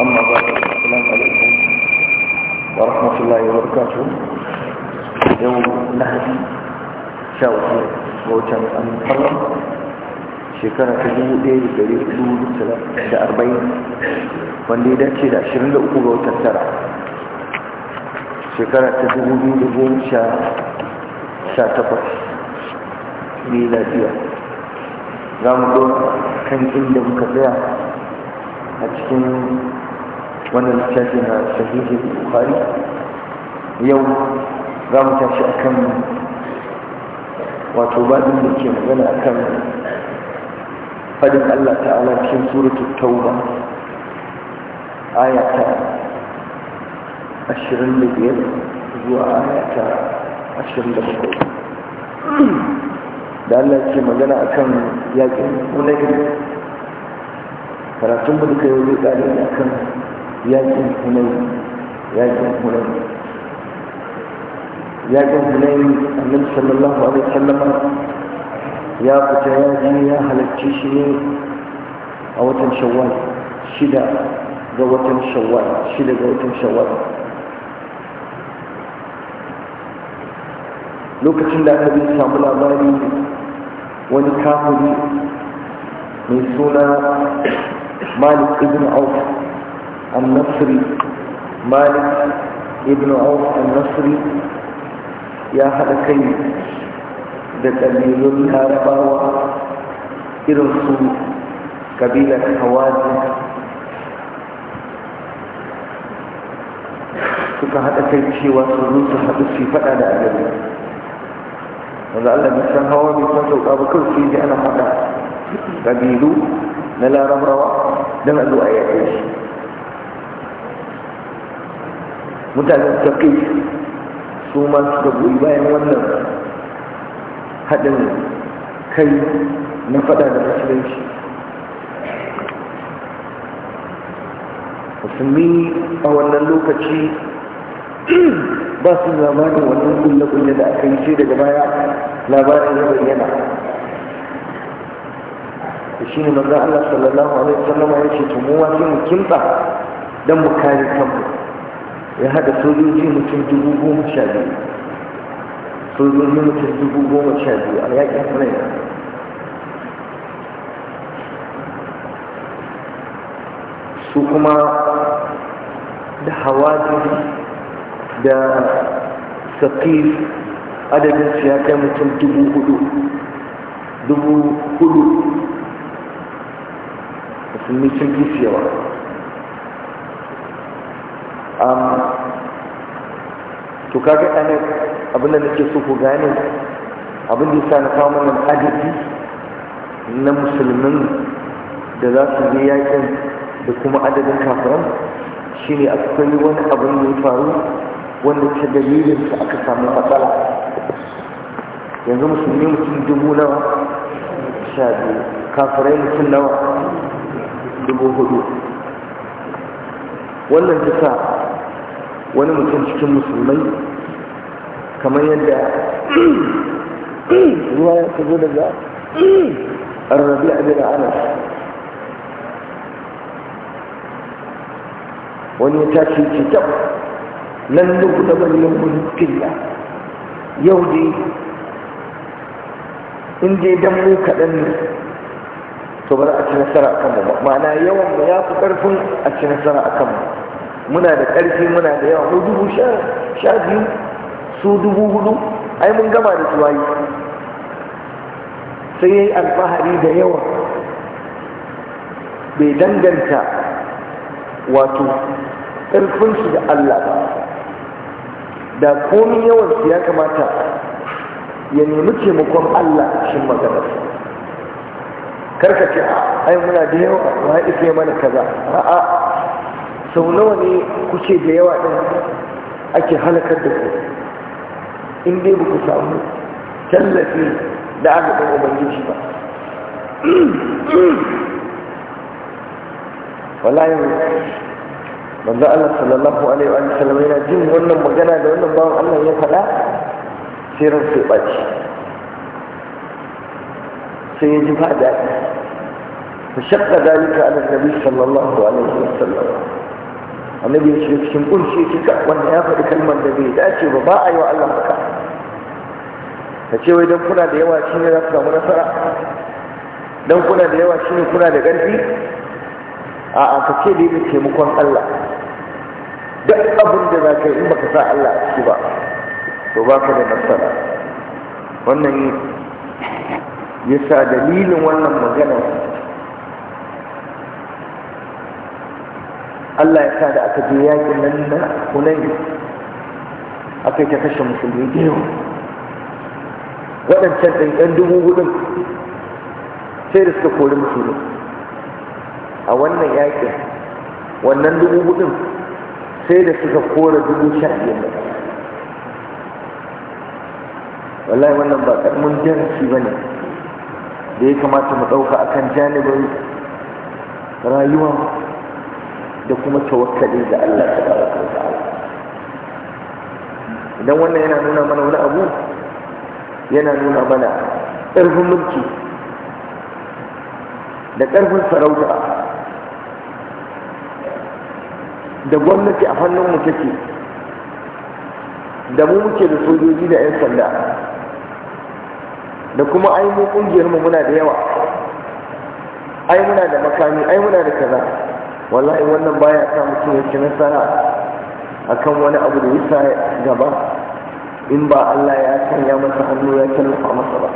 أما بعد السلام عليكم ورحمة الله وبركاته يوم نهدي شاوتي موتان المحرم shekara ta dubu ɗaya da ɗari hudu da arba'in wanda ya dace da ashirin da uku ga watan tara shekara ta dubu biyu da goma sha takwas miladiya za mu ɗora kan muka tsaya a cikin wannan littafi na sahihi bukhari yau za mu tashi akan wato babin da ke magana akan faɗin Allah ta'ala cikin suratul tauba aya ta 25 zuwa aya ta 27 da Allah ke magana akan yaƙin? Hunayn karatun mu duka yau zai kare akan yakin hunai yakin hunai yakin hunai annabi sallallahu alaihi wasallama ya fita ya je ya halarci shi ne a watan shawwal shida ga watan shawwal shida ga watan shawwal lokacin da aka bi samu labari wani kafiri mai suna malik ibn auf النصري مالك ابن عوف النصري يا حدكي دتبيلون هارباوة إرسو قبيلة حوازن suka haɗa kai cewa su zo su haɗu su faɗa da agabi wanda Allah bai san hawa bai san sauka ba kawai sai ji ana faɗa ƙabilu na larabawa don a zo a yaƙe shi mutanen taƙi su ma suka goyi bayan wannan haɗin kai na faɗa da musulunci musulmi a wannan lokaci ba su labarin wannan kulle-kulle da aka yi ce daga baya labarin ya bayyana da shi ne manzan Allah sallallahu Alaihi wasallama ya ce tumuwa sai mu kimta don mu kare kanmu ya haɗa sojoji mutum dubu goma sha biyu sojoji mutum dubu goma sha biyu a yaƙin raina su kuma da hawaji da adadin su ya kai mutum dubu hudu dubu hudu musulmi sun fi yawa to kaga ɗane abinda da ke suku ku gane abin da yasa na kawo mana adadi na musulmin da za su yi yakin da kuma adadin kafiran shine akwai wani abin da ya faru wanda ta dalilin aka samu matsala yanzu musulmi mutum dubu nawa sha biyu kafirai mutum nawa dubu hudu wannan ta sa wani mutum cikin musulmai kamar yadda ruwa ya zo daga arrabi abin anas wani ya tashi ce tab nan duk da bari yau mun yau dai in dai dan mu kaɗan ne to bari a ci nasara a kanmu ma'ana yawan mu ya fi ƙarfin a ci nasara a kanmu muna da ƙarfi muna da yawa mu dubu sha biyu su dubu hudu ai mun gama da tuwayi sai ya yi alfahari da yawa bai danganta wato ƙarfinsu da Allah ba da komi yawansu ya kamata ya nemi taimakon Allah shi maganarsa karka ce a ai muna da yawa ba ya mana kaza a'a sau nawa ne kuke da yawa ɗin ake halakar da ku in dai ba ku samu tallafi da agabin ubangiji ba wallahi manzo Allah sallallahu alaihi wa sallam yana jin wannan magana da wannan bawan Allah ya faɗa sai ran sai baci sai ya ji ba daɗi fa shaqqa dalika ala nabi sallallahu alaihi wa sallam annabi ya ce cikin ki ka wanda ya faɗi kalmar da bai dace ba ba a yi wa Allah haka ka ce wai dan kuna da yawa shi ne za ku samu nasara dan kuna da yawa shi ne kuna da ƙarfi a a ka ce da taimakon Allah duk abin da za ka yi in baka sa Allah a ciki ba to ba ka da nasara wannan yasa dalilin wannan maganar Allah ya sa da aka je yakin nan na Hunayn aka ta kashe musulmi da yawa waɗancan ɗin ɗan dubu hudun sai da suka kori musulmi a wannan yakin wannan dubu hudun sai da suka kore dubu sha biyar da wallahi wannan ba ƙarmin darasi ba ne da ya kamata mu ɗauka akan janibin rayuwa da kuma tawakkali ga Allah ta tabaraka wa ta'ala idan wannan yana nuna mana wani abu yana nuna mana ƙarfin mulki da ƙarfin sarauta da gwamnati a hannun mu take da mu muke da sojoji da 'yan sanda da kuma ai mu ƙungiyar mu muna da yawa ai muna da makami ai muna da kaza wallahi wannan baya sa mutum ya ci nasara akan wani abu da yasa gaba in ba Allah ya sanya masa hannu ya tallafa masa ba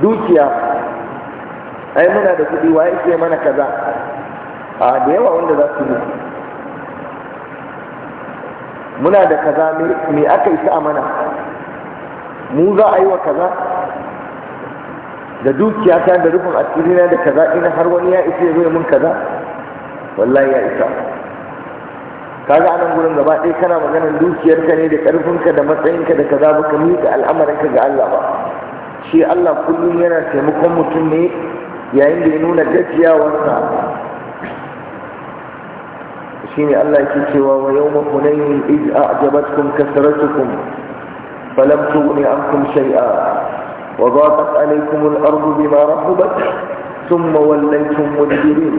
dukiya ai muna da kuɗi wa ke mana kaza a da yawa wanda za su yi muna da kaza me aka isa a mana mu za a yi wa kaza da dukiya ta da rufin asiri na da kaza ina har wani ya isa ya zo mun kaza wallahi ya isa kaga anan gurin gaba ɗaya kana maganar dukiyarka ne da ƙarfinka da matsayinka da kaza baka miƙa al'amarinka ga Allah ba shi Allah kullum yana taimakon mutum ne yayin da ya nuna gajiyawarsa shine Allah yake cewa wa yawma hunayn iz a'jabatkum kasratukum falam tughni ankum shay'a وضاقت عليكم الأرض بما رحبت ثم وليتم مدبرين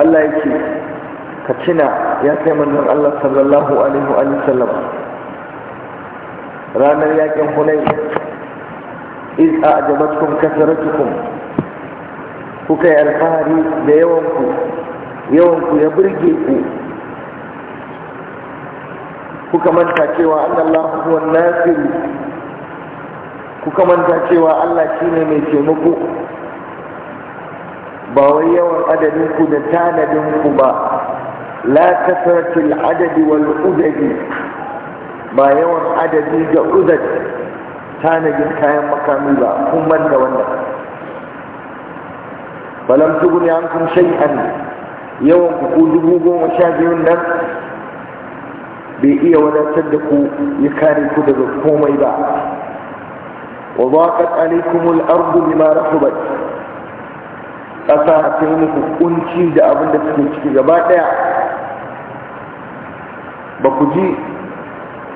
Allah yake ka tuna ya kai Allah sallallahu alaihi wa ranar yakin Hunayn iz a'jabatkum kasaratukum kuka yi alfahari da yawanku yawanku ya burge ku kuka manta cewa Allah huwa nasir kuka manta cewa Allah shine mai taimako ba wai yawan adadin ku da tanadin ku ba la kasratul adadi wal udadi ba yawan adadi da udad tanadin kayan makami ba kun manta wannan falam tuguni ankum shay'an yawan ku dubu goma sha biyun nan bai iya wadatar da ku ya kare ku daga komai ba wa zaqat alaykum al-ardu bima rahabat ƙasa ta yi muku kunci da abin da suke ciki gaba daya ba ku ji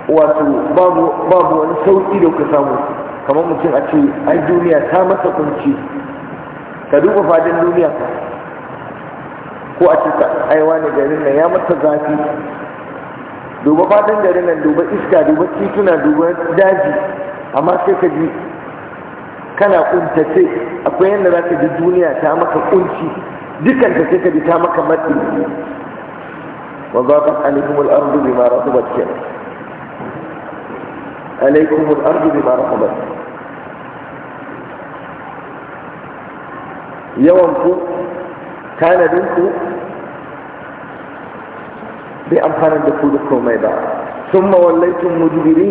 wato babu wani sauki da kuka samu kamar mutum a ce ai duniya ta masa kunci ka duba fadin duniya ko a ce aiwa ne garin nan ya masa zafi duba fatan garin nan duba iska duba tituna duba daji amma sai ka ji kana kuntace akwai yadda za ka ji duniya ta maka kunci dukkan ta sai ka ji ta maka matsi wa ka alaykum al-ardu bima rahabat kenan alaykum al-ardu bima rahabat yawan ku tanadin ku bai amfanar da su da komai ba sun mawallaitun mujibiri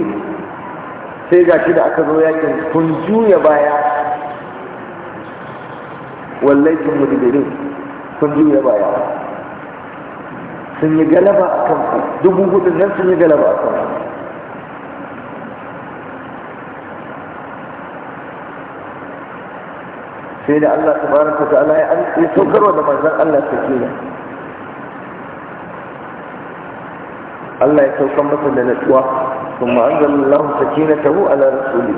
sai ga shi da aka zo yakin kun juya baya wallaitun mujibiri kun juya baya sun yi galaba a kanku dubu hudu nan sun yi galaba a kanku sai da Allah ta ta Allah ya saukarwa da manzon Allah ta sakina Allah ya sauka masa da natsuwa kuma an zama Allah sakina tahu ala rasuli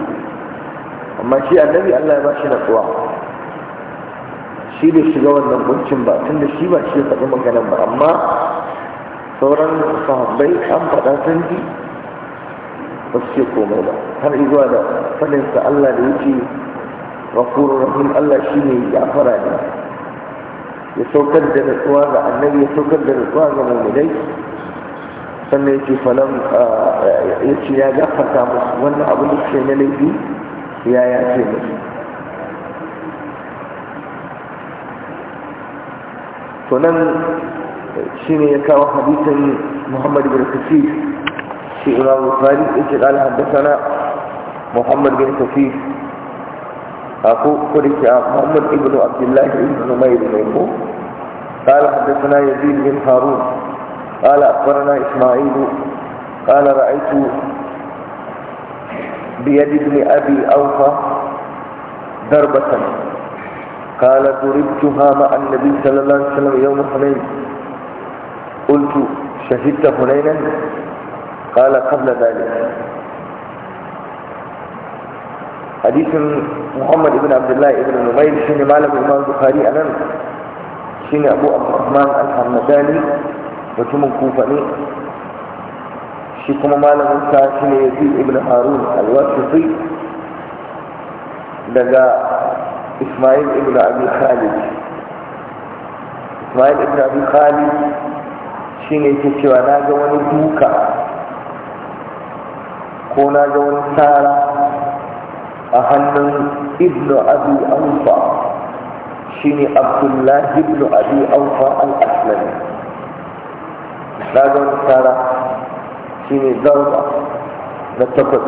amma shi annabi Allah ya ba shi natsuwa shi bai shiga wannan kuncin ba tun da shi ba shi ya faɗi maganan ba amma sauran sahabbai an faɗa sun ji ba su ce komai ba har izuwa da faɗinsa Allah da Allah shi ne ya fara ne. Ya saukar da يسوكر ga annabi ya saukar da الصواغ ga إليه sannan ya ce falon ya ce ya gafarta musu wani abin da ke na laifi ya ya ce musu to nan shi ne ya kawo hadisin muhammad bin kafi shi imam bukhari ya ce qala haddathana muhammad bin kasir aku kurika muhammad ibnu abdullah Ibn umayr bin ko قال حدثنا يزيد بن harun قال أخبرنا إسماعيل قال رأيت بيد ابن أبي أوفى ضربة قال ضربتها مع النبي صلى الله عليه وسلم يوم حنين قلت شهدت حنينا قال قبل ذلك حديث محمد بن عبد الله بن نمير شين مالك الإمام البخاري أنا شين أبو عبد الرحمن الحمداني mutumin kufa ne shi kuma malamin sa shi ne yazid ibn harun al-wasiti daga ismail ibn abi khalid ismail ibn abi khalid shi ne yake cewa na ga wani duka ko na ga wani tsara a hannun ibn abi aufa shi ne abdullahi ibn abi aufa al-aslami na tsara shi ne zarba na takwas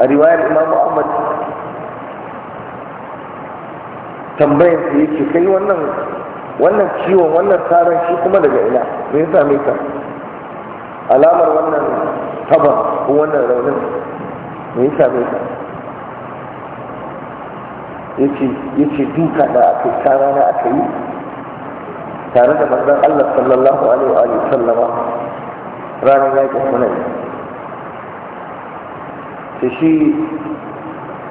a riwayar imam ahmad tambayar su yake kai wannan wannan ciwon wannan tsaron shi kuma daga ina me ya same ka alamar wannan taba ko wannan raunin me ya same ka ya ce duka da aka yi tara aka yi tare da manzan Allah sallallahu alaihi wa sallama ranar yaƙin hunan da shi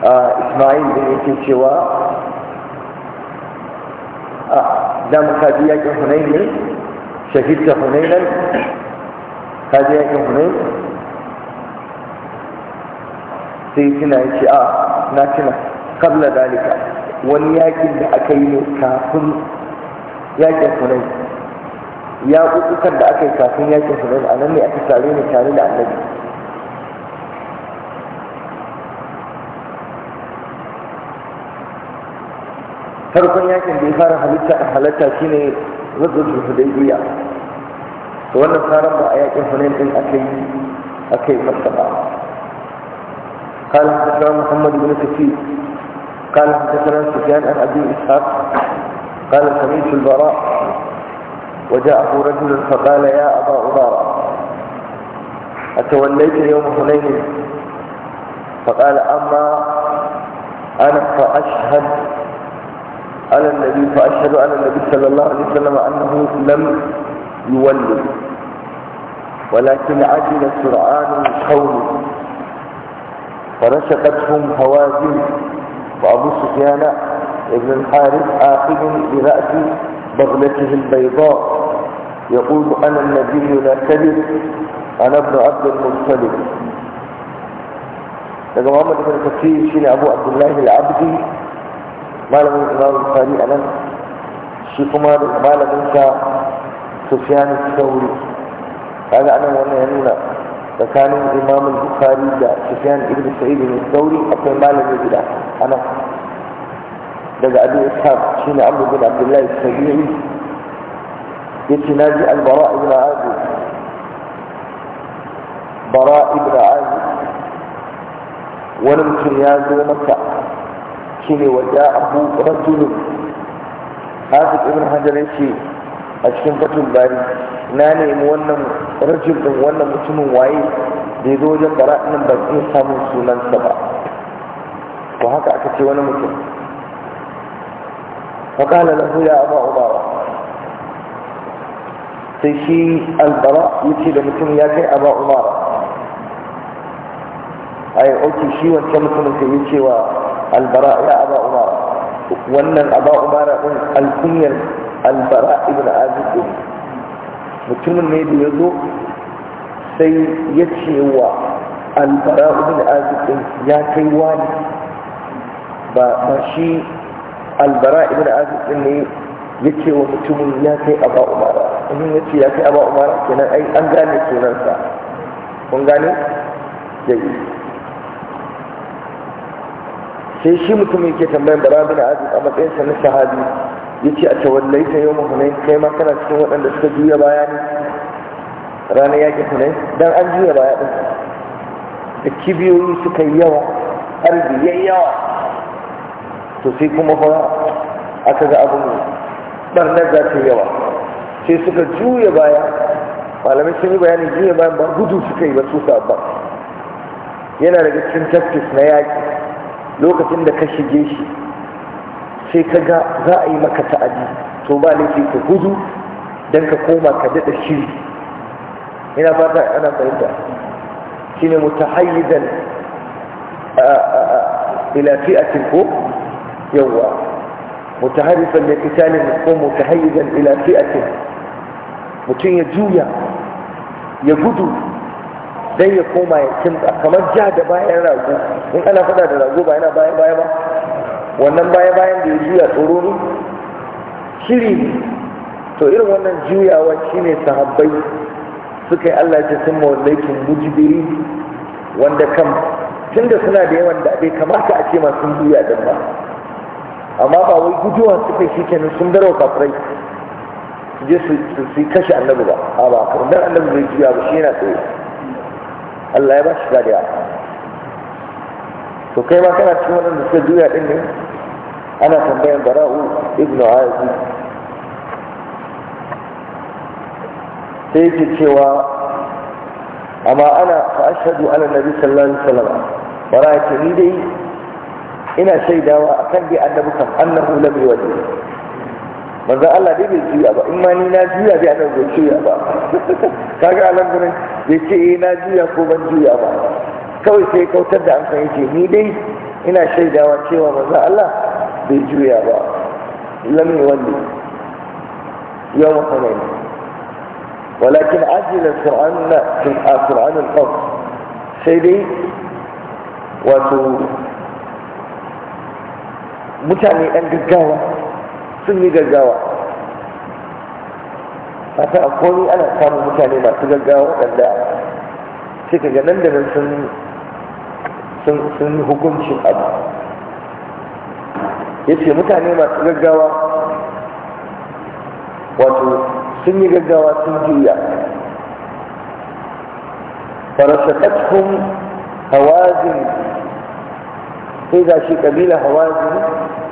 a Ismail da yake cewa a damu ka ji yaƙin hunan ne shahidta hunan nan ka ji yaƙin hunan sai tuna ya ce a na tuna kabla dalika wani yakin da aka yi ne kafin yakin hunai ya kukukan da aka yi kafin yakin hunai a nan ne aka tare ne tare da annabi farkon yakin da ya fara halitta a halatta shine hudai hudaybiya to wannan fara ba a yakin hunai din aka yi aka yi masa ba قال حدثنا محمد بن كثير قال حدثنا سفيان عن ابي اسحاق قال سميت البراء وجاءه رجل فقال يا ابا عبارة اتوليت يوم حنين فقال اما انا فاشهد على النبي فاشهد على النبي صلى الله عليه وسلم انه لم يولي ولكن عجل سرعان قومه فرشقتهم هوازن وابو سفيان بن الحارث آخذ برأس بغلته البيضاء يقول أنا النبي لا كذب أنا ابن عبد المطلب لقد محمد بن كثير شين أبو عبد الله العبدي ما لم يكن الله الخالي أنا الشيخ ما لم يكن سفيان الثوري هذا أنا وأنا ينونا تكان الإمام البخاري دا سفيان بن سعيد الثوري بن الثوري أتمال النبي أنا لدى أبي إسحاق شين عمرو بن عبد الله السبيعي يتنادي البراء بن عازب براء بن عازب ولم تنياز مكه شين وجاء أبو رجل هذا ابن حجر الشيخ a cikin fatul bari na nemi wannan rajul din wannan mutumin waye da ya zo wajen bara ɗin ba zai samun sunansa ba to haka aka ce wani mutum faƙala lahu ya aba ubawa sai shi albara ya ce da mutum ya kai aba umara ai oke shi wancan mutumin ka yi cewa albara ya aba umara wannan aba umara din alkunyar albara ibn azib din mutumin ne da ya zo sai ya ce wa albara ibn azib ya kai wani ba shi albara ibn azib ne ya ce wa mutumin ya kai aba umara in ya ce ya kai aba umara kenan an gane sunansa kun gane yayi sai shi mutumin ke tambayan bara bin aziz a matsayin na sahabi ya ce a tawallai tawallaita yawmu hunain kai ma kana cikin waɗanda suka juya baya ne ranar yaƙi hunain dan an juya baya din da kibiyoyi suka yi yawa harbi ya yawa to sai kuma fa aka ga abin Ɓarnar za ta yawa sai suka juya baya malamai sun yi bayanin juya bayan ba gudu suka yi ba su sabon yana daga cikin tafkis na yaƙi lokacin da ka shige shi sai ka ga za a yi maka ta'adi to ba laifi ka gudu don ka koma ka daɗa shiri ina fata ana fahimta shine mutahayyizan ila fi'atin ko yawwa mutaharifan da kitalin ko mutahayyizan ila fi'atin mutum ya juya ya gudu dan ya koma ya kimta kamar ja da bayan rago in ana fada da rago ba yana baya baya ba wannan baya bayan da ya juya tsoro ne shiri ne to irin wannan juyawa shine sahabbai suka yi Allah ya sun mawallakin mujibiri wanda kan tunda suna da yawan da bai kamata a ce masu juya din ba amma ba wai gujewa suka yi kenan sun darau kafirai su je su kashe annabi ba a ba kamar annabi bai juya ba shi yana tsaye Allah ya ba shi kariya to kai ma kana cikin waɗanda suka juya ɗin ne ana tambayan bara'u ibnu azi sai yake cewa amma ana fa ashhadu ala nabi sallallahu alaihi wasallam bara ni dai ina shaidawa akan bi annabi kan annahu lam yuwadi manzan Allah dai bai juya ba in ma ni na juya dai annabi bai juya ba kaga a nan gurin bai ce eh na juya ko ban juya ba kawai sai kautar da amsa yake ni dai ina shaidawa cewa manzan Allah bai juya ba lam yawalli yawma hunain walakin ajila qur'anna qur'an al-qaf sai dai wato mutane dan gaggawa sun yi gaggawa fata a komi ana samun mutane masu gaggawa waɗanda sai ka nan da nan sun yi hukuncin abu ya ce mutane masu gaggawa wato sun yi gaggawa sun juya farashatakun hawazin sai ga shi ƙabila hawazin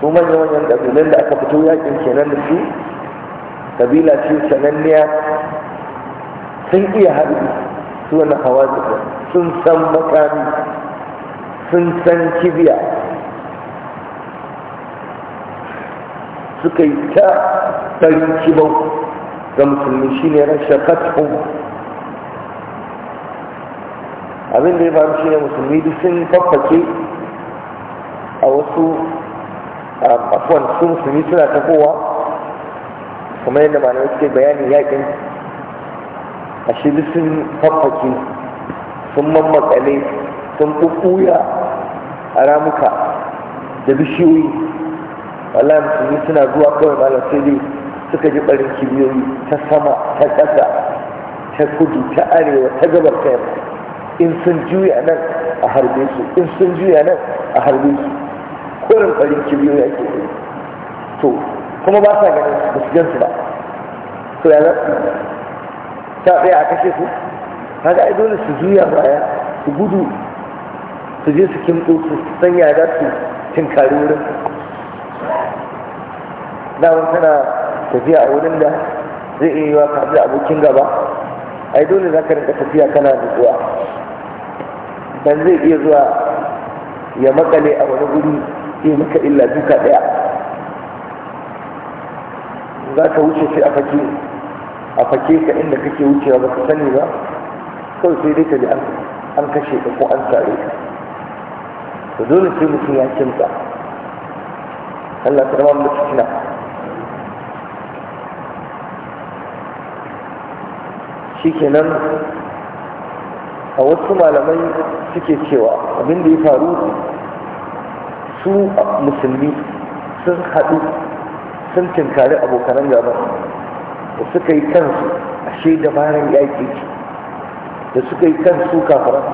su manya-manyan ƙabilun da aka fito yakin kenan da su kabila ce sananniya sun iya haɗu su wani hawa sun san makami sun san kibiya suka yi ta ɗarin kibau ga musulmi shine rashin katun abin da ya faru shine musulmi duk sun faffake a wasu afuwan sun musulmi suna tafowa kuma yadda na suke bayanin yakin a shirin sun faffake sun mammakale sun ɓuɓɓuya a ramuka da bishiyoyi wallahi musulmi suna zuwa kawai malam sai dai suka ji barin kibiyoyi ta sama ta ƙasa ta kudu ta arewa ta gabar ta in sun juya nan a harbe su in sun juya nan a harbe su irin farin kibiyoyi ke yi to kuma ba sa ganin ba su gansu ba to ya zafi ta tsaya a kashe su Haka ai dole su zuya baya su gudu su je su kimto su sanya za su tinkari wurin damar tana tafiya a wurin da zai iya yiwa wa abokin gaba ai dole za ka rinka tafiya kana da zuwa. dan zai iya zuwa ya makale a wani guri yi maka illa duka ɗaya za ka wuce sai a fake a fake ka inda kake wucewa ba ka sani ba kawai sai dai ka ji an kashe ka ko an sare ka to dole sai mutum ya kimta Allah ta rama mutum fitina shikenan a wasu malamai suke cewa abin da ya faru su musulmi sun haɗu sun tinkari abokanan gaba da suka yi kansu a shaida bayan yaƙi da suka yi kansu kafaran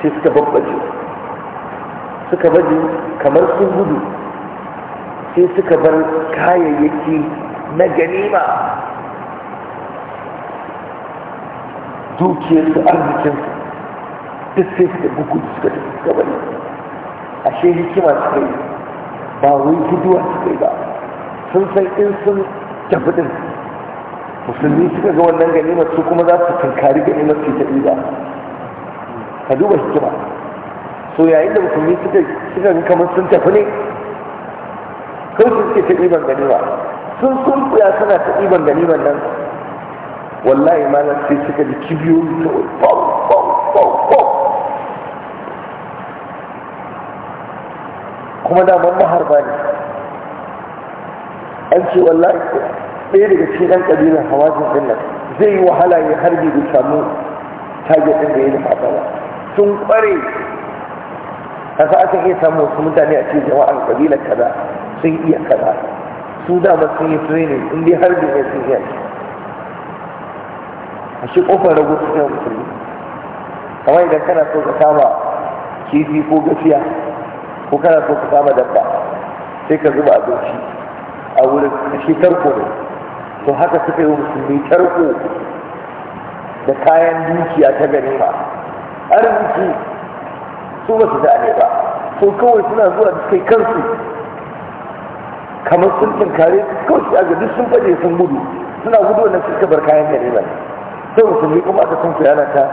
sai suka babbaje suka baje kamar sun gudu sai suka bar kayayyaki na ganima dukiyarsu arzikinsu duk sai suka gugu suka tafi gabani ashe hikima suka yi ba wai guduwa suka yi ba sun san in sun tafi din musulmi suka ga wannan ganimar su kuma za su tunkari ganimar su ta ɗiba ka duba hikima so yayin da musulmi suka ga kamar sun tafi ne kai sun ce ta ɗiban ganima sun sun kuya suna ta ɗiban ganimar nan wallahi malam sai suka ji kibiyoyi ta bau ba ba ba kuma daman maharba ne an ce wallahi ɗaya daga cikin ɗan ƙabilar hawazin din nan zai yi wahala ya harbi da samu target ɗin da ya nufa ba sun ƙware kasa aka iya samun wasu mutane a cikin jama'ar ƙabilar kaza sun iya kaza su dama sun yi training in dai harbi ne sun iya a shi ƙofar rago su musulmi kamar idan kana so ka kama kifi ko gafiya ko kana so ka kama dabba sai ka zuba abinci a wurin shi tarko ne to haka suka yi musulmi tarko da kayan dukiya ta ganima arziki su ba su ne ba to kawai suna zuwa da kai kansu kamar sun tunkare kawai su aga duk sun faje sun gudu suna gudu wannan suka bar kayan ganima sai musulmi kuma aka sun kuyana ta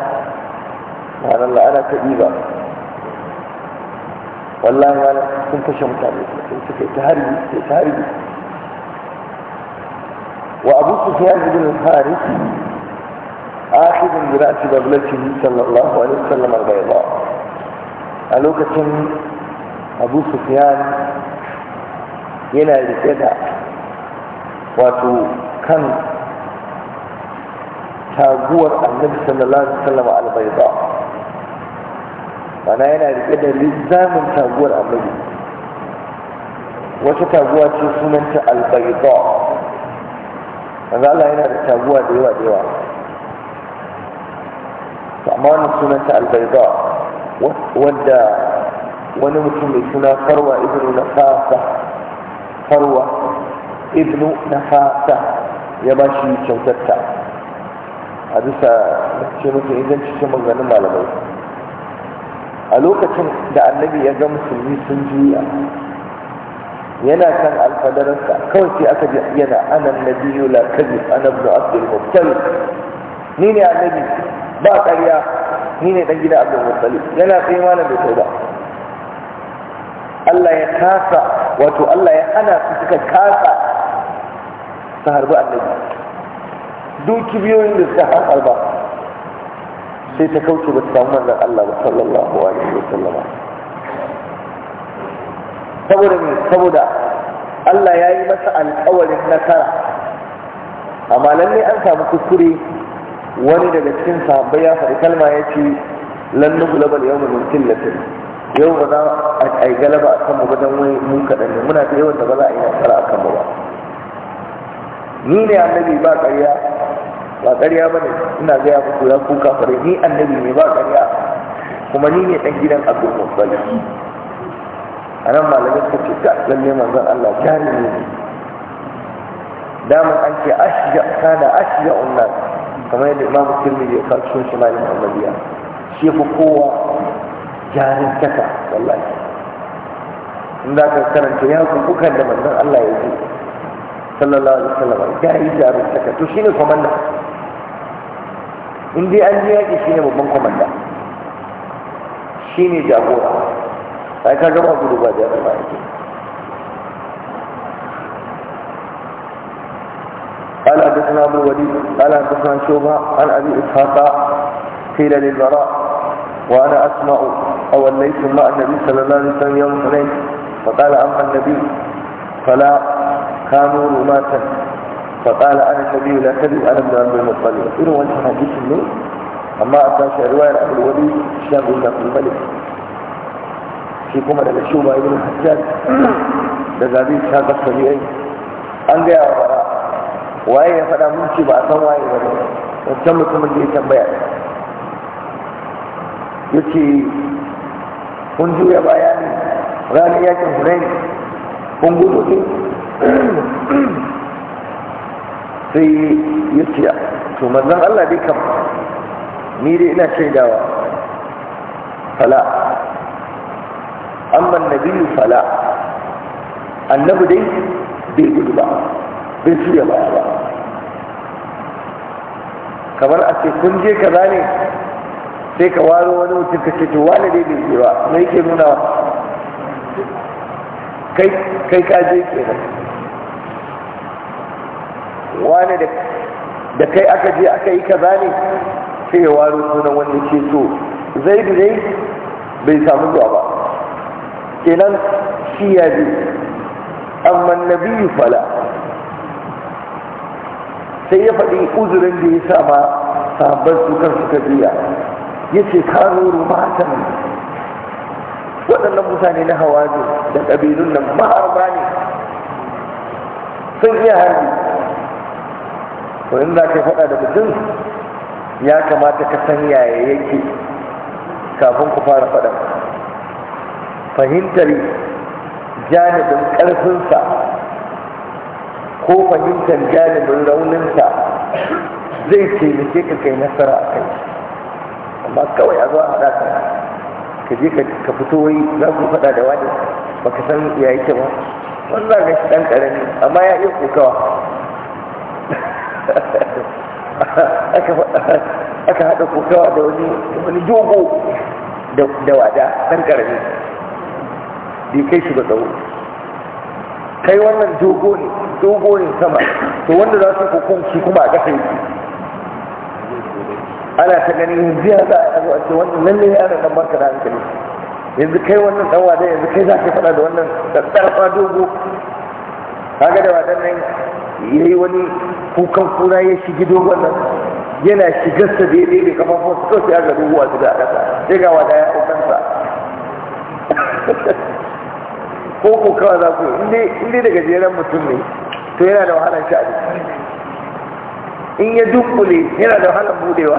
ma'anar la'ana ta ɗiba wallahi wani sun kashe mutane sun suka ta hari. sai ta harbi wa abu sufyan ibn al-harith akhid bi ra's bablatihi sallallahu alaihi wasallam al-bayda a lokacin abu sufyan yana rike da wato kan taguwar annabi sallallahu alaihi wasallam al-bayda mana yana rike da lizamin taguwar annabi wata taguwa ce sunanta Allah yana da taguwa da yawa da yawa amma sunanta wanda wani mutum mai suna farwa ibnu nafasa farwa ibnu ya ba shi kyautarta a bisa ce mutum inganci cikin maganganun malamai a lokacin da annabi ya ga musulmi sun juya yana kan alfadararsa kawai sai aka ji yana anan nabiyyu la kadhib ana ibn abdul muttalib ni ne annabi ba ƙarya ni ne ɗan gida abdul muttalib yana sai ma na bai tauba Allah ya kasa wato Allah ya hana su suka kasa su harbi annabi duk kibiyoyin da suka harba sai ta kauce ba ta samu manzon Allah ba sallallahu alaihi wa sallam saboda ne saboda Allah ya yi masa alƙawarin nasara amma lalle an samu kuskure wani daga cikin sahabbai ya faɗi kalma ya ce lan mu yawma min qillatin yau ba za a yi galaba a kanmu wajen wai mun kaɗan ne muna da yawan da ba za a yi nasara a kanmu ba ni ne annabi ba ƙarya ba ƙarya ba ne ina gaya muku kuka ku kafare ni annabi ne ba ƙarya kuma ni ne ɗan gidan abdul muttalib a nan malamai ta ce ka lalle manzon Allah jari ne damun an ce ashiya kana ashiya unnas kamar yadda imamu tirmidhi ya kawo cikin shimalin amaliya shi fi kowa jarin kaka wallahi in za ka karanta ya kukan da manzon Allah ya ji sallallahu alaihi wasallam ya yi jarin kaka to shine komanda in dai an ji yaƙi shine babban kwamanda shine jagora ai ka gama gudu ba jami'a ba yake قال حدثنا ابو وليد قال حدثنا شوبه عن ابي اسحاق قيل للبراء وانا اسمع او ليس مع النبي صلى الله عليه وسلم يوم حنين فقال اما النبي فلا كانوا رماة فقال أنا النبي لا كذب أنا ابن عبد المطلب إنه وانت حديث منه أما أتاش رواية أبو الوليد هشام بن عبد الملك في كما لك شوبة ابن الحجاج لذلك هذا الصبيعي an gaya wa bara waye ya faɗa mun ce ba a san waye ba ne wancan mutumin da ya tambaya ya ce kun juya baya ne ranar yakin hunain kun gudu ne sai ya ce to manzon Allah dai kam ni dai ina shaidawa fala amma nabiyyu fala annabi dai bai gudu ba bai shirya ba ba kamar a ce kun je kaza ne sai ka waro wani mutum ka ce to wani dai bai je ba me yake nuna kai kai ka je kenan Wani da kai aka je aka yi kaza ne sai ya waro sunan wanda ke so zai dai bai samu zuwa ba kenan shi ya ji amma nabiyu fala sai ya faɗi uzurin da ya sa ma sahabban su kan suka biya ya ce kano rumatan waɗannan mutane na hawa ne da ƙabilun nan maharba ne sun iya harbi Wani za ka faɗa da mutum ya kamata ka san yaya yake kafin ku fara faɗa fahimtar janibin ƙarfinsa ko fahimtar janibin rauninsa zai da ke kai nasara a kai amma kawai a zuwa haɗa ka ka je ka fito wai za ku faɗa da wani baka san ya yake ba wannan ga shi ɗan ƙarami amma ya iya kokawa aka haɗa da wani dogo da wada ɗan ƙarami bai kai shi ba tsawo kai wannan dogo ne ne sama to wanda za su kokon shi kuma a ƙasa yake ana ta gani yanzu ya za a yi a ce wannan lalle ya nan barka da hankali yanzu kai wannan ɗan wada yanzu kai za ka faɗa da wannan ɗarfa dogo ga da wadannan ya yi wani kukan kura ya shigi dogon nan yana shigarsa da ya daidai kafafun su kawai ya garu ruwa su da ƙasa sai ga wada ya ɗaukansa ko ko kawai za ku yi inda daga jeren mutum ne to yana da wahalar sha'ani in ya dunkule yana da wahalar budewa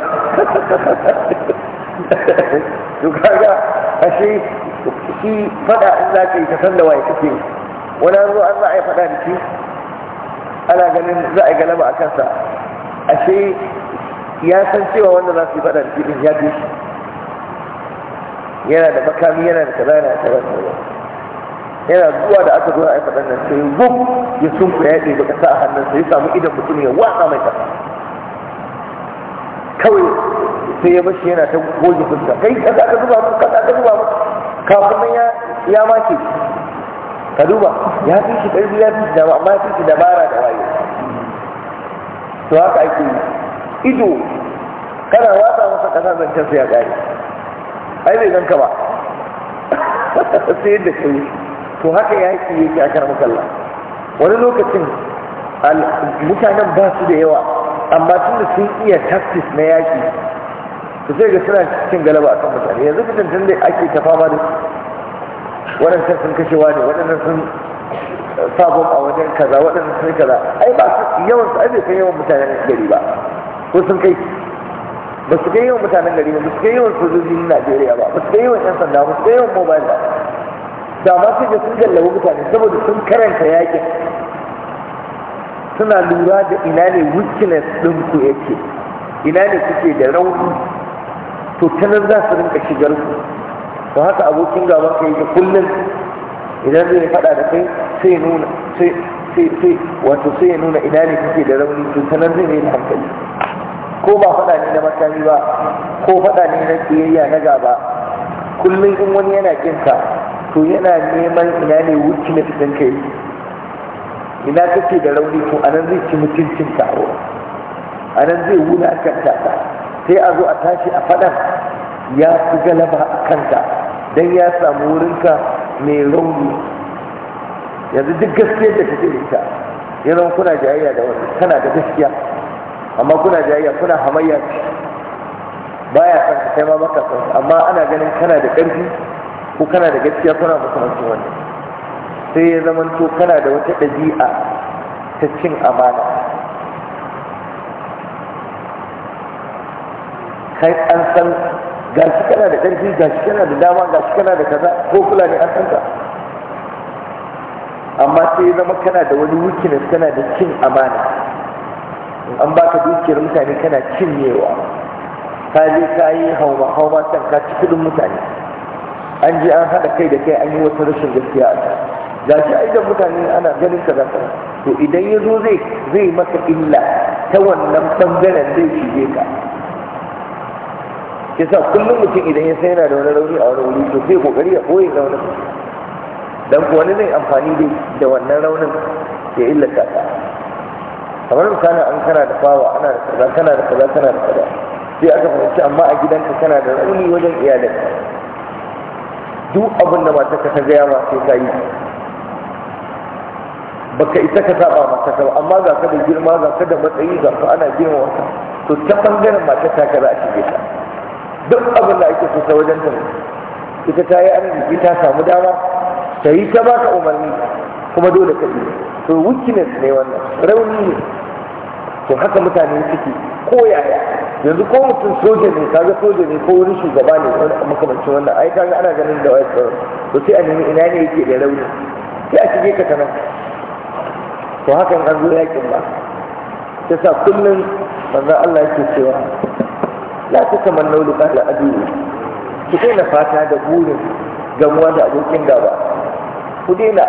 to kaga ashe shi fada in za ka yi ka san da waye kake wani an zo an za a yi fada da shi ana ganin za a galaba a kansa ashe ya san cewa wanda za su yi faɗa da jirgin ya fi yana da makami yana da kaza yana da kaza yana zuwa da aka zuwa a faɗa nan sai wuf ya ku ya ɗebi ƙasa a hannunsa ya samu idan mutum ya watsa mai kasa kawai sai ya bashi yana ta goge fuska kai kaza ka zuba mu kaza ka zuba mu kafin nan ya ya mace ka duba ya fi shi ƙarfi ya fi shi dama amma ya fi shi dabara da waye to haka ake ido kana wata masa ƙasa zancen sai ya ƙare ai bai ka ba sai yadda ka yi to haka yaƙi yake a kan musalla wani lokacin mutanen ba su da yawa amma tun da sun iya taktis na yaƙi to sai ga suna cikin galaba a kan mutane yanzu fitantan da ake ta fama da su waɗannan sun kashewa ne waɗannan sun sabon a wajen kaza waɗannan sun kaza ai ba su yawan su ajiye bai yawan mutanen gari ba ko sun kai ba su kai yawan mutanen gari ba ba su kai yawan sojojin Najeriya ba ba su kai yawan 'yan sanda ba su kai yawan mobile ba da ma sai da sun gallawa mutane saboda sun karanta yakin suna lura da ina ne weakness ɗinku yake ina ne kuke da rauni to ta nan za su rinka shigar ku to haka abokin gaban ka yake kullum idan zai faɗa da kai sai nuna sai sai wato sai ya nuna ina ne kake da rauni to sanan zai ne hankali ko ba faɗa ne na makami ba ko faɗa ne na kiyayya na gaba kullum in wani yana kinka to yana neman ina ne wuce na fitan kai ina kake da rauni to anan zai ci mutuncin ka anan zai wulakanta ka sai a zo a tashi a faɗan ya fi galaba a kanta, don ya samu wurinka mai rauni yanzu duk gaskiyar da kake da ita irin kuna jayayya da wani kana da gaskiya amma kuna jayayya kuna hamayya baya san ka kai ma maka san amma ana ganin kana da ƙarfi ko kana da gaskiya kuna makamancin wannan sai ya zamanto kana da wata ɗabi'a ta cin amana kai an san ga shi kana da ƙarfi ga shi kana da dama ga shi kana da kaza ko ne an san amma sai zama kana da wani weakness kana da cin amana in an baka dukiyar mutane kana cin cinyewa ka je ka yi hauma hauma can ka ci kudin mutane an je an haɗa kai da kai an yi wata rashin gaskiya a can ga shi aidan mutane ana ganin ka zaka to idan ya zo zai maka illa ta wannan ɓangaren zai shige ka yasa kullum mutum idan ya sai yana da wani rauni a wani wuri to sai kokari ya koyi wani dan ko wani zai amfani da wannan raunin ya illata ka kamar misali an kana da fawa ana da kaza kana da kaza kana da kaza sai aka fahimci amma a gidanka kana da rauni wajen iyalin duk abin da ka ta gaya ma sai ka yi baka ita ka saba mata ka amma ga ka da girma ga ka da matsayi ga ka ana girma wata to ta bangaren matar ta ka za a shige ta duk abin da ake so ta wajen ta ita ta yi arziki ta samu dama ta yi ta baka umarni kuma dole ka yi to weakness ne wannan rauni ne to haka mutane suke ko yaya yanzu ko mutum soja ne kaga soja ne ko wani shugaba ne wani makamancin wannan ai kaga ana ganin da wayar tsaro to sai a nemi ina ne yake da rauni sai a shige ka kana to hakan an zo yakin ba ta sa kullum manzon Allah yake cewa la ta kamar naulu da adini. ki daina fata da burin gamuwa da abokin gaba ku daina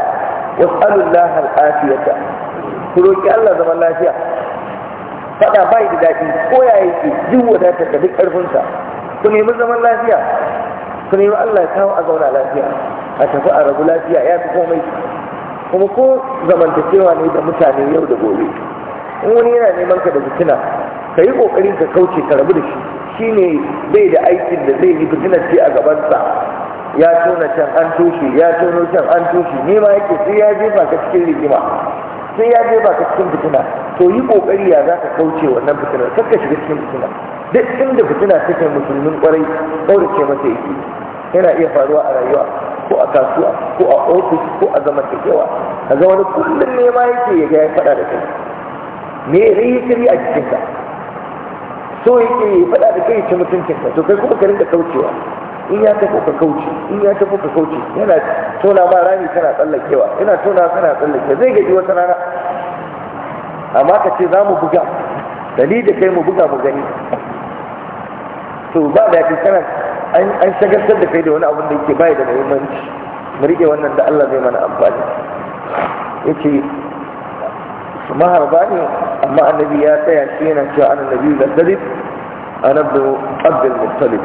was'alullah al'afiyata ku roki Allah zaman lafiya fada bai da daɗi ko ya yake duk wadata da duk ƙarfinsa ku nemi zaman lafiya ku nemi Allah ya kawo a zauna lafiya a tafi a rabu lafiya ya fi komai kuma ko zamantakewa ne da mutane yau da gobe in wani yana neman ka da fitina ka yi ƙoƙarin ka kauce ka rabu da shi shine bai da aikin da zai yi fitinar ce a gabansa ya tona can an toshe ya tono can an toshe Nema yake sai ya jefa ka cikin rigima sai ya jefa ka cikin fitina to yi kokari ya za ka kauce wannan fitinar kar ka shiga cikin fitina duk inda fitina take musulmin kwarai kaurace masa yake yana iya faruwa a rayuwa ko a kasuwa ko a ofis ko a zamantakewa a ga wani kullum nema yake ya ga ya faɗa da kai me rai a jikinka so yake yi faɗa da kai ta mutuncinka to kai kuma ka rinka kaucewa in ya tafi ka kauce in ya tafi ka kauce yana tona ma rami tana tsallakewa yana tona tana tsallakewa zai gaji wata rana amma ka ce za mu buga dali da kai mu buga mu gani to ba da yake kana an shagartar da kai da wani abin da yake bai da muhimmanci mu rike wannan da Allah zai mana amfani yace maharba ne amma annabi ya tsaya shi yana cewa ana nabi da salif ana abdu abdul muttalib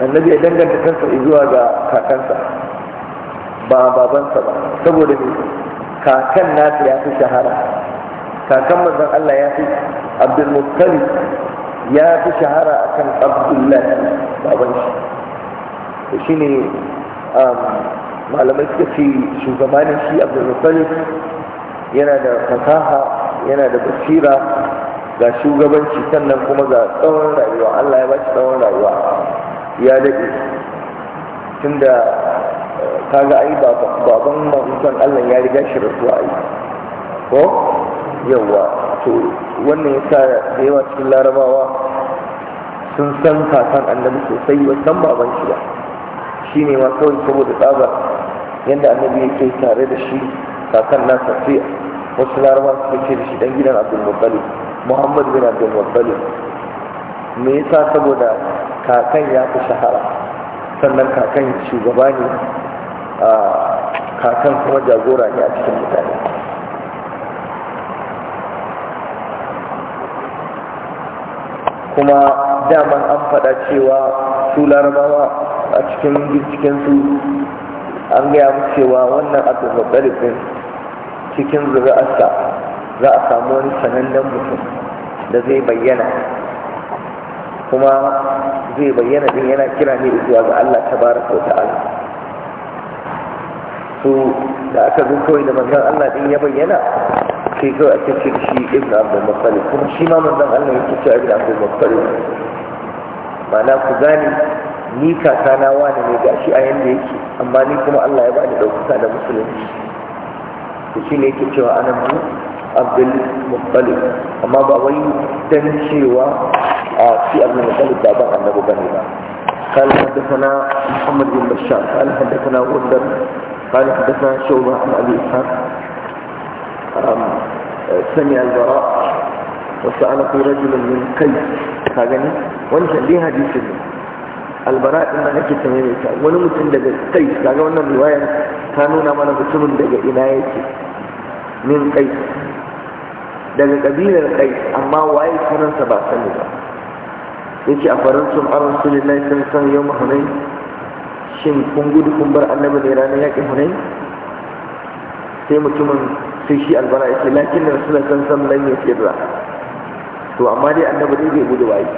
annabi ya danganta kansa zuwa ga kakansa ba babansa ba saboda ne kakan nasu ya fi shahara kakan mazan Allah ya fi abdul muttalib ya fi shahara akan abdullahi baban shi ne um, malamai suka ce shugabanin shi abdul muttalib yana da fasaha yana da basira ga shugabanci sannan kuma ga tsawon rayuwa Allah ya baci tsawon rayuwa ya daɗe tunda eh, kaga ai baban manzon Allah ya riga shi rasuwa ai ko yawa to wannan ya yasa da yawa cikin larabawa sun san kakan annabi sosai wa san baban shi ba Shi ne ma kawai saboda tsaba yadda annabi yake tare da shi kakan na safiya wasu larabar suka ce da shi dan gidan abdulmuttalib muhammad bin abdulmuttalib me yasa saboda kakan ya fi shahara sannan kakan shugaba ne a kakan kuma jagora ne a cikin mutane kuma daman an faɗa cewa su larabawa a cikin su an gaya mu cewa wannan abdulmuttalib din cikin zuri'arsa za a samu wani sanannen mutum da zai bayyana kuma zai bayyana din yana kira ne zuwa ga Allah ta tabaraka wa ta'ala su da aka zo kawai da manzon Allah din ya bayyana sai kawai ake ce shi ibn abdul muttalib kuma shi ma manzon Allah yake cewa ibn abdul muttalib ma'ana ku gane ni kakana wani ne gashi a yanda yake amma ni kuma Allah ya bani ɗaukaka da musulunci da shi yake cewa ana mu abdul muttalib amma ba wai dan cewa a shi abdul muttalib da ban annabi bane ba قال حدثنا محمد بن بشار قال حدثنا غندر قال حدثنا شعبة عن أبي إسحاق سمع البراء وسأله رجل من قيس هذا وانت ليه حديث albara din da nake tare da ita wani mutum daga kai kaga wannan riwayar ta nuna mana mutumin daga ina yake min kai daga kabilar kai amma waye sunansa ba sani ba yace a farin sun an rasulullahi sallallahu san yau hunay shin kun gudu kun bar annabi ne ranar yaƙin hunay sai mutumin sai shi albara yace lakin da rasulullahi san san nan ya sirra to amma dai annabi dai bai gudu waye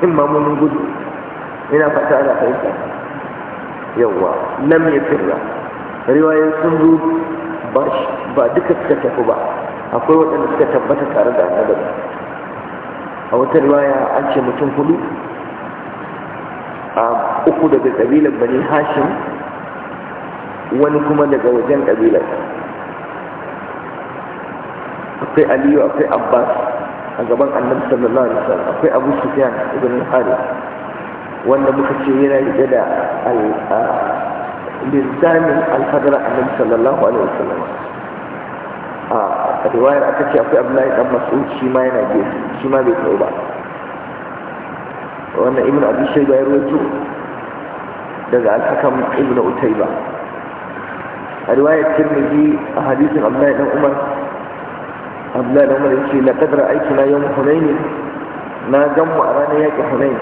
in ma mun gudu ina fata ana fahimta yawwa lam yafirra riwayoyin sun zo ba duka suka tafi ba akwai waɗanda suka tabbata tare da annabi a wata riwaya an ce mutum hudu a uku daga ƙabilar bani hashim wani kuma daga wajen ƙabilar akwai aliyu akwai abbas a gaban annabi sallallahu alaihi wasallam akwai abu sufyan ibn harith wanda muka ce yana riƙe da lissamin alhadar annabi sallallahu alaihi wasallam a riwayar aka ce akwai abdullahi dan mas'ud shi ma yana gefe shi ma bai tsaye ba wannan ibnu abi shayba ya rawaito daga al-hakam ibnu utayba a riwayar tirmidhi a hadisin abdullahi dan umar abdullahi dan umar yace laqad ra'aytuna yawm hunayn na gammu a ranar yaƙi hunayn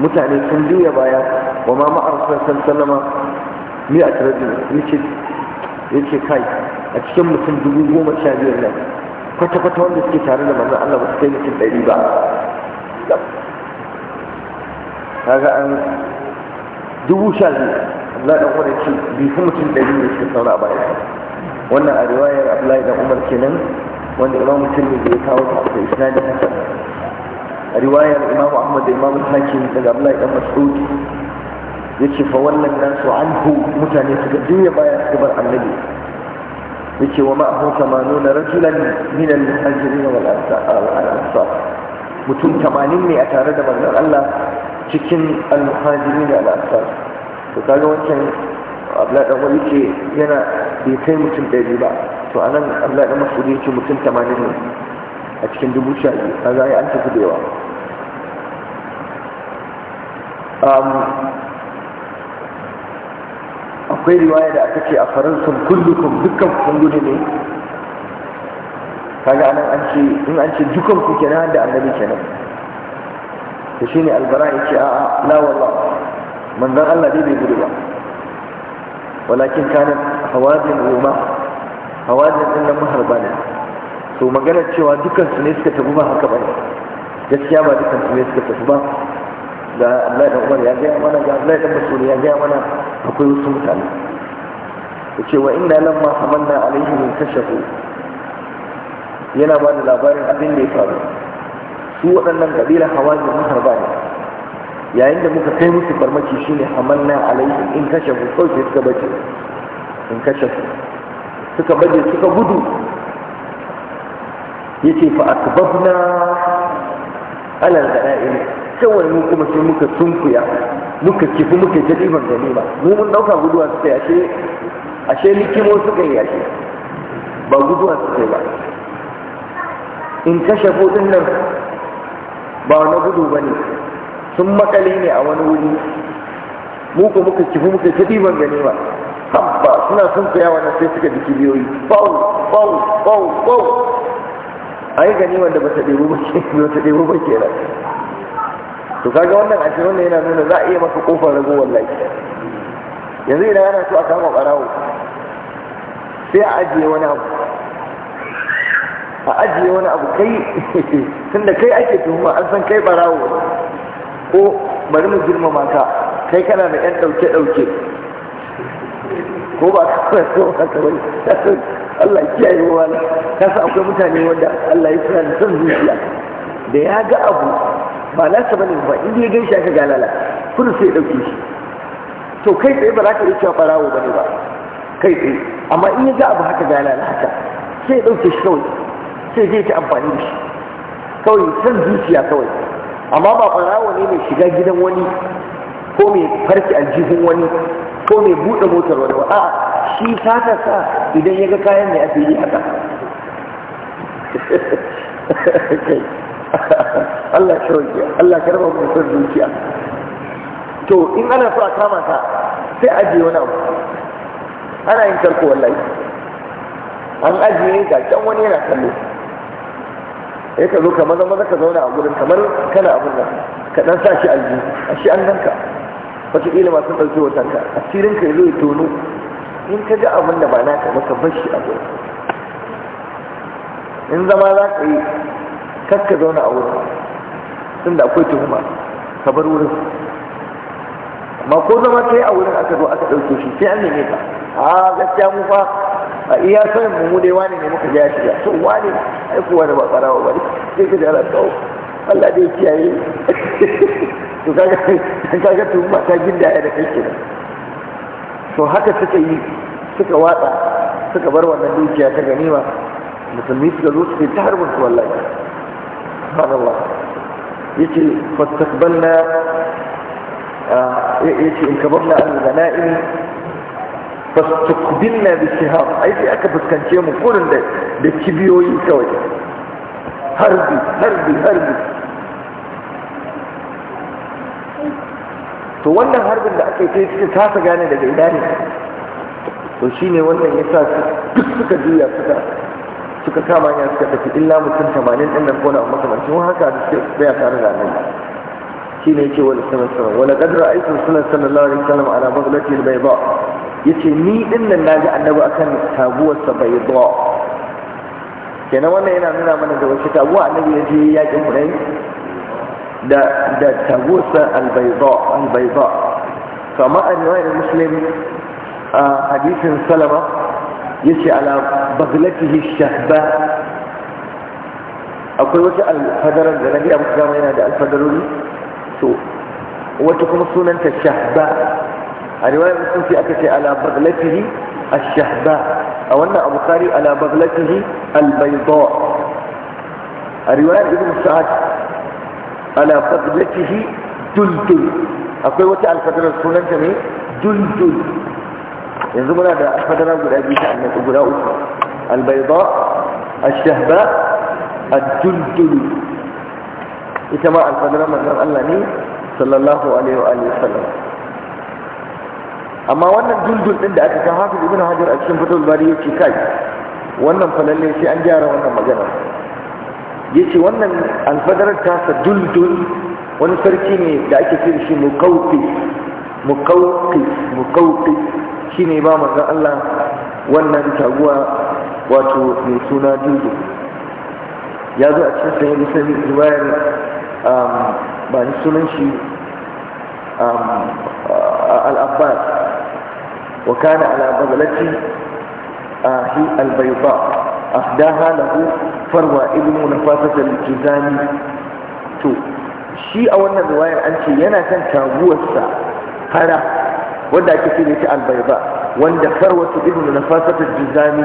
mutane sun juya baya wa ma ma'arsa san sallama mi a yace yake kai a cikin mutum dubu goma sha biyar nan kwata-kwata wanda suke tare da manzon Allah ba su kai mutum ɗari ba kaga an dubu sha biyu Allah dan wani ce bi fi mutum ɗari ne suke saura a baya wannan a riwayar Abdullahi dan Umar kenan wanda Imam mutum ne ya kawo ta da isnadin hasan riwayar imam ahmad da imam hakim daga abdullahi dan mas'ud yace fa wannan nasu anhu mutane suka juya baya suka bar annabi yace wa ma'ahu 80 rajulan min al-muhajirin wal ansar mutum 80 ne a tare da manzon Allah cikin al-muhajirin wal ansar to kaga wancan abdullahi dan wani yana bai kai mutum 100 ba to anan abdullahi dan mas'ud yace mutum 80 ne a cikin dubu sha biyu an tafi Um, akwai riwaya da aka ce a faransun kullum dukkan kungune ne kaga anan an ce in an ce dukkan ku kenan da annabi kenan to shine albara ce a'a la wallah manzon Allah dai bai gudu ba walakin kana hawazin ruma hawazin din nan maharba ne to magana cewa dukkan su ne suka tafi ba haka ba gaskiya ba dukkan su ne suka tafi ba ga Allah da Umar ya gaya mana ga Allah da Masud ya gaya mana akwai wasu mutane yace wa inna lamma hamanna alaihim kashafu yana ba da labarin abin da ya faru su waɗannan kabila hawazin maharba ne yayin da muka kai musu farmaki shine hamanna alaihim in kashafu kawai suka bace in kashafu suka baje suka gudu yace fa akbabna alal gadairi ta wani kuma sai muka tunkuya muka kifi muka ta ɗiban ganima mu mun ɗauka guduwa suka yi ashe ashe likimo suka yi ashe ba guduwa suka yi ba in kashe kuɗin nan ba wani gudu ba ne sun makale ne a wani wuri mu ko muka kifi muka ta ɗiban ganima habba suna sunkuya wannan sai suka ji kibiyoyi bau bau bau bau ai ganimar wanda ba ta ɗebo ba ke ba ta ɗebo ba kenan to kaga wannan ashirin wannan yana nuna za a iya maka kofar ragowar lafiya yanzu idan ana so a kama barawo sai a ajiye wani abu a ajiye wani abu kai tunda kai ake tuhuma an san kai barawo ko bari mu girmama ka kai kana da yan dauke dauke ko ba ka so ba ka bari Allah ya kiyaye wala kasa akwai mutane wanda Allah ya fara son zuciya da ya ga abu ba na sa bane ba inda ya gaishe aka galala kudu sai dauke shi to kai tsaye ba za ka yi farawo ba bane ba kai tsaye amma in ya ga abu haka galala haka sai ɗauke shi kawai sai zai ta amfani da shi kawai san zuciya kawai amma ba farawo ne mai shiga gidan wani ko mai farki aljihun wani ko mai buɗe motar wani ba a'a shi sata sa idan ya ga kayan mai asiri haka Allah shawaki Allah karba mu sun zuciya to in ana so a kama ka sai ajiye wani abu ana yin tarko wallahi an ajiye ga can wani yana kallo ya ka zo ka maza maza ka zauna a gurin kamar kana abun nan ka dan sa shi aljihu a shi an nan ka wataƙila masu ɗauke watan ka asirin ka zo ya tono in ka ga abin da ba naka ba ka bar shi a gurin in zama za ka yi kakka zauna a wurin tun da akwai tuhuma ka bar wurin Amma ko zama yi a wurin aka zo aka ɗauke shi sai an neme ka a gaskiya mu fa a iya sanin mu mu dai wani ne muka ja shiga to wani ai kowa da ba karawa ba sai ka jara tsawo Allah dai kiyaye to kaga kaga tuhuma ta ya da kake da. to haka suka yi suka watsa suka bar wannan dukiya ta ganima musulmi suka zo su yi ta harbin su wallahi سبحان الله fastaqbalna فاستقبلنا in انكبرنا عن الغنائم فاستقبلنا bisihar ai في aka fuskance mu kurin da da kibiyoyi kawai harbi harbi harbi to wannan harbin da aka yi sai suka kasa gane daga idanin to shine wannan yasa duk suka juya suka suka kama hanya suka tafi illa mutum tamanin ɗin nan kona makamancin haka da suke tsaya tare da annabi shi ne ke wani sanar sanar wani ƙadar aikin sunan sallallahu alaihi wasallam ala magulatin bai ba ya ce ni ɗin nan na ji annabi akan taguwarsa bai ba kenan wannan yana nuna mana da wasu taguwa annabi ya je yaƙin hurai da da taguwarsa albaiba albaiba kama a riwayar muslim a hadisin salama yace ala baglatihi shahba akwai wata alfadarar da nabi abu kama yana da alfadarori to wata kuma sunanta shahba a riwayar musulun sai aka ce ala baglatihi a wannan abu kari ala baglatihi albayda a riwayar ibn sa'ad ala duldul akwai wata alfadarar sunanta ne duldul yanzu muna da madara guda biyu ta annabi guda uku albayda ash-shahba ad-duldul ita ma alfadara manzon Allah ne sallallahu alaihi wa alihi wasallam amma wannan duldul din da aka kan hafiz ibn hajar a cikin fatul bari yace kai wannan falalle sai an gyara wannan magana yace wannan alfadarar ta sa duldul wani sarki ne da ake kira shi muqawqi muqawqi muqawqi ne ba manzon Allah wannan taguwa wato mai suna dudu ya zo a cikin sayan muslim riwayar um, ba ni sunan shi um, al-abbas wa kana ala bazalati ahi uh, a bayda ahdaha ku farwa ibnu nafasat al jizani to shi a wannan riwayar an ce yana kan taguwarsa fara wanda ake ce ne ta albaiba wanda farwatu ibnu nafasatul juzami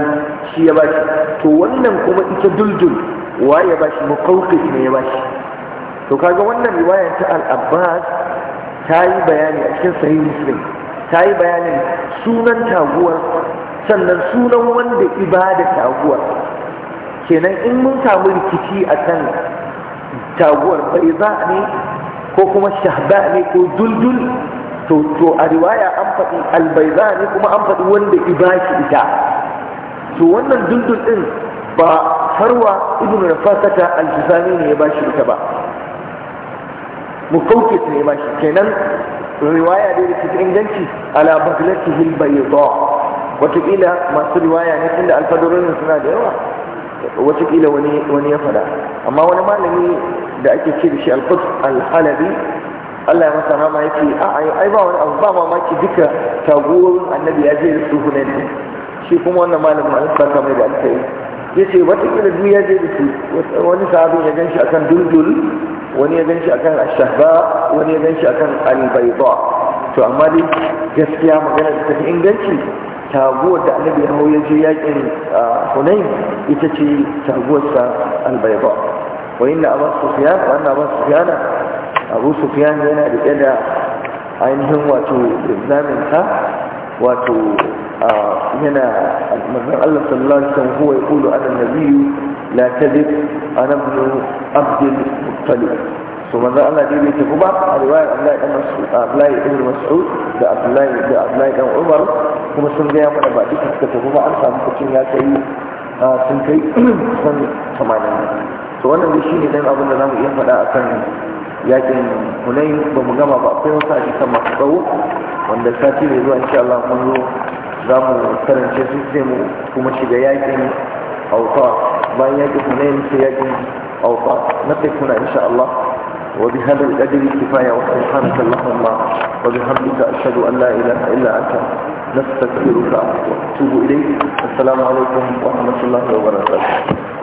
shi ya bashi to wannan kuma ita duldul wa ya bashi muqawqif ne ya bashi to kaga wannan riwayar ta al-abbas ta yi bayani a cikin sahih muslim ta yi bayanin sunan taguwar sannan sunan wanda ibada taguwar kenan in mun samu rikici a kan taguwar fariza ne ko kuma shahba ne ko duldul to to a riwaya an faɗi albaizani kuma an faɗi wanda ibashi ita to wannan dundun din ba farwa ibnu nafasata al-juzani ne ya bashi ita ba mukaukit ne ya bashi kenan riwaya da take inganci ala baglatihi al-bayda wataƙila masu riwaya ne tunda alfadorin suna da yawa wataƙila wani wani ya faɗa amma wani malami da ake ce da shi al-qutb al-halabi Allah ya masa rama yake a ai ba wani abu ba mamaki duka tagorin annabi ya je da su ne. shi kuma wannan malamin an saka mai da alkai ya ce watakila duk ya je da su wani sahabi ya ganshi akan duldul wani ya ganshi akan ashahba wani ya ganshi akan albayda to amma dai gaskiya magana da fi inganci taguwar da annabi ya hau ya je yakin hunain ita ce taguwarsa albayda wa inna abu sufyan wa inna abu sufyana abu sufiyan yana riƙe da ainihin wato examinsa wato yana mazan Allah sallallahu alaihi wasallam huwa yaqulu ana nabiyyu la kadhib ana ibn abdul muttalib su mazan Allah dai bai tafi ba a riwayar Allah ya Mas'ud Abdullahi ibn Mas'ud da Abdullahi da Abdullahi dan Umar kuma sun gaya mana ba duka suka tafi ba an samu kucin ya kai sun kai kusan 80 to wannan shi ne dan abin da zamu iya faɗa akan yakin hunayi ba mu gama ba akwai wasu hadisan masu tsawo wanda sati mai zuwa insha Allah mun zo za mu karance su sai mu kuma shiga yakin auta bayan yakin hunayi sai yakin auta na kai kuna insha Allah wa bi hada al-qadri kifaya wa subhanaka allahumma wa bihamdika ashhadu an la ilaha illa anta نستغفرك ونتوب اليك السلام عليكم ورحمه الله وبركاته